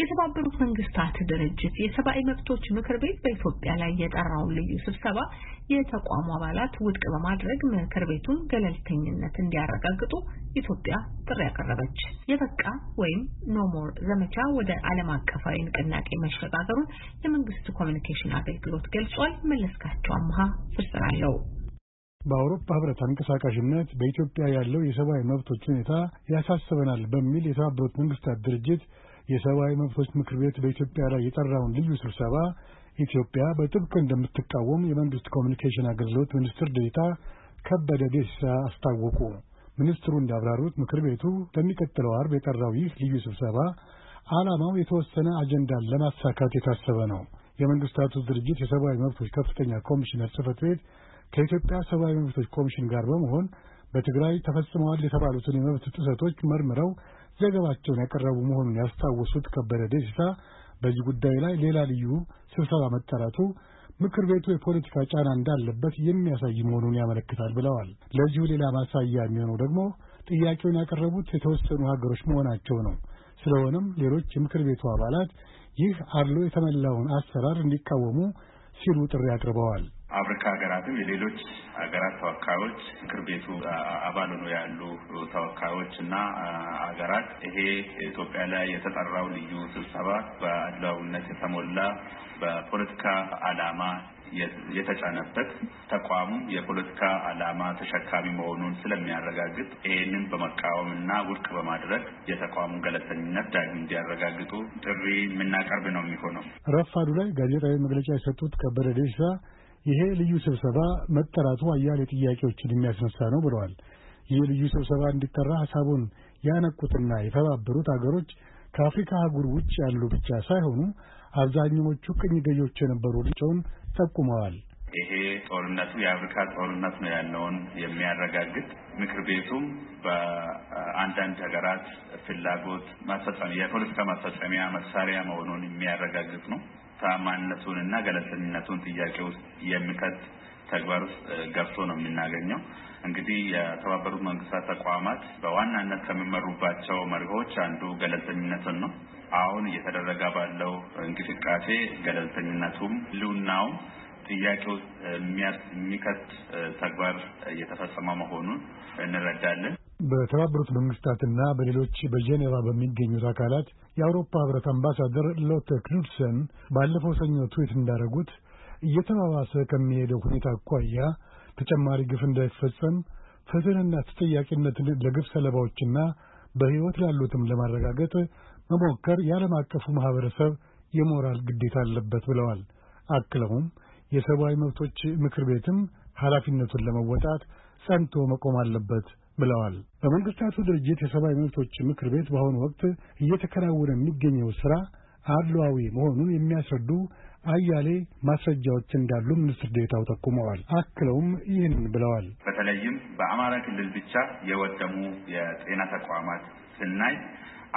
የተባበሩት መንግስታት ድርጅት የሰብአዊ መብቶች ምክር ቤት በኢትዮጵያ ላይ የጠራውን ልዩ ስብሰባ የተቋሙ አባላት ውድቅ በማድረግ ምክር ቤቱን ገለልተኝነት እንዲያረጋግጡ ኢትዮጵያ ጥሪ ያቀረበች የበቃ ወይም ኖሞር ዘመቻ ወደ ዓለም አቀፋዊ ንቅናቄ መሸጋገሩን የመንግስት ኮሚኒኬሽን አገልግሎት ገልጿል። መለስካቸው አምሃ ፍርስራለው በአውሮፓ ህብረት አንቀሳቃሽነት በኢትዮጵያ ያለው የሰብአዊ መብቶች ሁኔታ ያሳስበናል በሚል የተባበሩት መንግስታት ድርጅት የሰብአዊ መብቶች ምክር ቤት በኢትዮጵያ ላይ የጠራውን ልዩ ስብሰባ ኢትዮጵያ በጥብቅ እንደምትቃወም የመንግስት ኮሚኒኬሽን አገልግሎት ሚኒስትር ዴኤታ ከበደ ደሲሳ አስታወቁ። ሚኒስትሩ እንዳብራሩት ምክር ቤቱ ለሚቀጥለው አርብ የጠራው ይህ ልዩ ስብሰባ ዓላማው የተወሰነ አጀንዳን ለማሳካት የታሰበ ነው። የመንግስታቱ ድርጅት የሰብአዊ መብቶች ከፍተኛ ኮሚሽነር ጽህፈት ቤት ከኢትዮጵያ ሰብአዊ መብቶች ኮሚሽን ጋር በመሆን በትግራይ ተፈጽመዋል የተባሉትን የመብት ጥሰቶች መርምረው ዘገባቸውን ያቀረቡ መሆኑን ያስታወሱት ከበደ ደሲሳ በዚህ ጉዳይ ላይ ሌላ ልዩ ስብሰባ መጠራቱ ምክር ቤቱ የፖለቲካ ጫና እንዳለበት የሚያሳይ መሆኑን ያመለክታል ብለዋል። ለዚሁ ሌላ ማሳያ የሚሆነው ደግሞ ጥያቄውን ያቀረቡት የተወሰኑ ሀገሮች መሆናቸው ነው። ስለሆነም ሌሎች የምክር ቤቱ አባላት ይህ አድሎ የተመላውን አሰራር እንዲቃወሙ ሲሉ ጥሪ አቅርበዋል። አፍሪካ ሀገራትም የሌሎች ሀገራት ተወካዮች ምክር ቤቱ አባል ሆኖ ያሉ ተወካዮች እና ሀገራት ይሄ ኢትዮጵያ ላይ የተጠራው ልዩ ስብሰባ በአድላዊነት የተሞላ በፖለቲካ ዓላማ የተጫነበት ተቋሙ የፖለቲካ ዓላማ ተሸካሚ መሆኑን ስለሚያረጋግጥ ይህንን በመቃወም እና ውድቅ በማድረግ የተቋሙ ገለልተኝነት ዳግም እንዲያረጋግጡ ጥሪ የምናቀርብ ነው የሚሆነው። ረፋዱ ላይ ጋዜጣዊ መግለጫ የሰጡት ከበደ ደሳ ይሄ ልዩ ስብሰባ መጠራቱ አያሌ ጥያቄዎችን የሚያስነሳ ነው ብለዋል። ይህ ልዩ ስብሰባ እንዲጠራ ሀሳቡን ያነቁትና የተባበሩት አገሮች ከአፍሪካ አህጉር ውጭ ያሉ ብቻ ሳይሆኑ አብዛኛዎቹ ቅኝ ገዢዎች የነበሩ ልቸውን ጠቁመዋል። ይሄ ጦርነቱ የአፍሪካ ጦርነት ነው ያለውን የሚያረጋግጥ ምክር ቤቱም በአንዳንድ ሀገራት ፍላጎት ማስፈጸሚያ የፖለቲካ ማስፈጸሚያ መሳሪያ መሆኑን የሚያረጋግጥ ነው። ታማኝነቱን እና ገለልተኝነቱን ጥያቄ ውስጥ የሚከት ተግባር ውስጥ ገብቶ ነው የምናገኘው። እንግዲህ የተባበሩት መንግስታት ተቋማት በዋናነት ከሚመሩባቸው መርሆች አንዱ ገለልተኝነትን ነው። አሁን እየተደረገ ባለው እንቅስቃሴ ገለልተኝነቱም ህልውናውም ጥያቄ ውስጥ የሚከት ተግባር እየተፈጸመ መሆኑን እንረዳለን። በተባበሩት መንግስታትና በሌሎች በጄኔቫ በሚገኙት አካላት የአውሮፓ ህብረት አምባሳደር ሎተ ክኑድሰን ባለፈው ሰኞ ትዊት እንዳደረጉት እየተባባሰ ከሚሄደው ሁኔታ አኳያ ተጨማሪ ግፍ እንዳይፈጸም ፍትህንና ተጠያቂነትን ለግፍ ሰለባዎችና በሕይወት ላሉትም ለማረጋገጥ መሞከር የዓለም አቀፉ ማኅበረሰብ የሞራል ግዴታ አለበት ብለዋል። አክለውም የሰብአዊ መብቶች ምክር ቤትም ኃላፊነቱን ለመወጣት ጸንቶ መቆም አለበት ብለዋል። በመንግስታቱ ድርጅት የሰብአዊ መብቶች ምክር ቤት በአሁኑ ወቅት እየተከናወነ የሚገኘው ስራ አድሏዊ መሆኑን የሚያስረዱ አያሌ ማስረጃዎች እንዳሉ ሚኒስትር ዴታው ጠቁመዋል። አክለውም ይህን ብለዋል። በተለይም በአማራ ክልል ብቻ የወደሙ የጤና ተቋማት ስናይ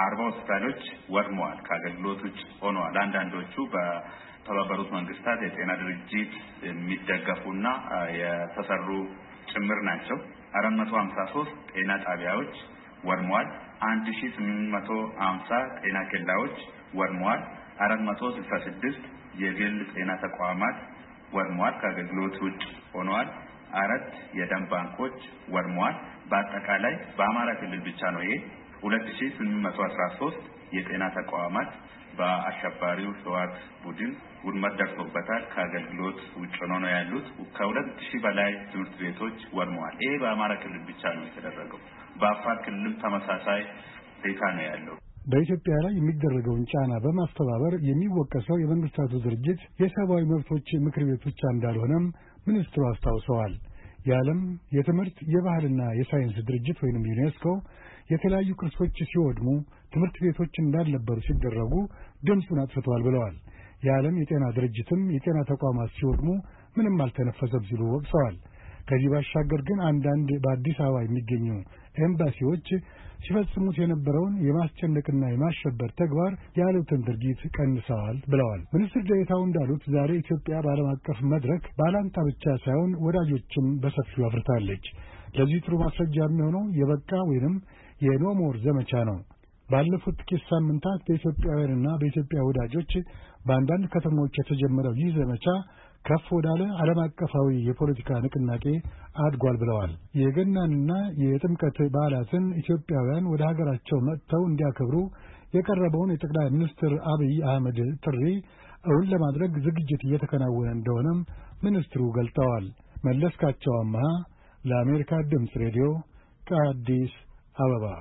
አርባ ሆስፒታሎች ወድመዋል፣ ከአገልግሎት ውጭ ሆነዋል። አንዳንዶቹ በተባበሩት መንግስታት የጤና ድርጅት የሚደገፉና የተሰሩ ጭምር ናቸው። አራት መቶ ሀምሳ ሶስት ጤና ጣቢያዎች ወድመዋል። አንድ ሺ ስምንት መቶ ሀምሳ ጤና ኬላዎች ወድመዋል። አራት መቶ ስልሳ ስድስት የግል ጤና ተቋማት ወድመዋል፣ ከአገልግሎት ውጭ ሆነዋል። አራት የደም ባንኮች ወድመዋል። በአጠቃላይ በአማራ ክልል ብቻ ነው ይሄ ሁለት ሺ ስምንት መቶ አስራ ሶስት የጤና ተቋማት በአሸባሪው ህወሓት ቡድን ውድመት ደርሶበታል። ከአገልግሎት ውጭ ነው ያሉት። ከሁለት ሺህ በላይ ትምህርት ቤቶች ወድመዋል። ይሄ በአማራ ክልል ብቻ ነው የተደረገው። በአፋር ክልልም ተመሳሳይ ሁኔታ ነው ያለው። በኢትዮጵያ ላይ የሚደረገውን ጫና በማስተባበር የሚወቀሰው የመንግስታቱ ድርጅት የሰብአዊ መብቶች ምክር ቤት ብቻ እንዳልሆነም ሚኒስትሩ አስታውሰዋል። የዓለም የትምህርት የባህልና የሳይንስ ድርጅት ወይንም ዩኔስኮ የተለያዩ ቅርሶች ሲወድሙ ትምህርት ቤቶች እንዳልነበሩ ሲደረጉ ድምፁን አጥፍተዋል ብለዋል። የዓለም የጤና ድርጅትም የጤና ተቋማት ሲወድሙ ምንም አልተነፈሰም ሲሉ ወቅሰዋል። ከዚህ ባሻገር ግን አንዳንድ በአዲስ አበባ የሚገኙ ኤምባሲዎች ሲፈጽሙት የነበረውን የማስጨነቅና የማሸበር ተግባር ያሉትን ድርጊት ቀንሰዋል ብለዋል። ሚኒስትር ዴኤታው እንዳሉት ዛሬ ኢትዮጵያ በዓለም አቀፍ መድረክ ባላንጣ ብቻ ሳይሆን ወዳጆችም በሰፊው አፍርታለች። ለዚህ ጥሩ ማስረጃ የሚሆነው የበቃ ወይንም የኖሞር ዘመቻ ነው። ባለፉት ጥቂት ሳምንታት በኢትዮጵያውያንና በኢትዮጵያ ወዳጆች በአንዳንድ ከተሞች የተጀመረው ይህ ዘመቻ ከፍ ወዳለ ዓለም አቀፋዊ የፖለቲካ ንቅናቄ አድጓል ብለዋል። የገናንና የጥምቀት በዓላትን ኢትዮጵያውያን ወደ ሀገራቸው መጥተው እንዲያከብሩ የቀረበውን የጠቅላይ ሚኒስትር አብይ አህመድ ጥሪ እውን ለማድረግ ዝግጅት እየተከናወነ እንደሆነም ሚኒስትሩ ገልጠዋል። መለስካቸው አመሃ ለአሜሪካ ድምፅ ሬዲዮ ከአዲስ አበባ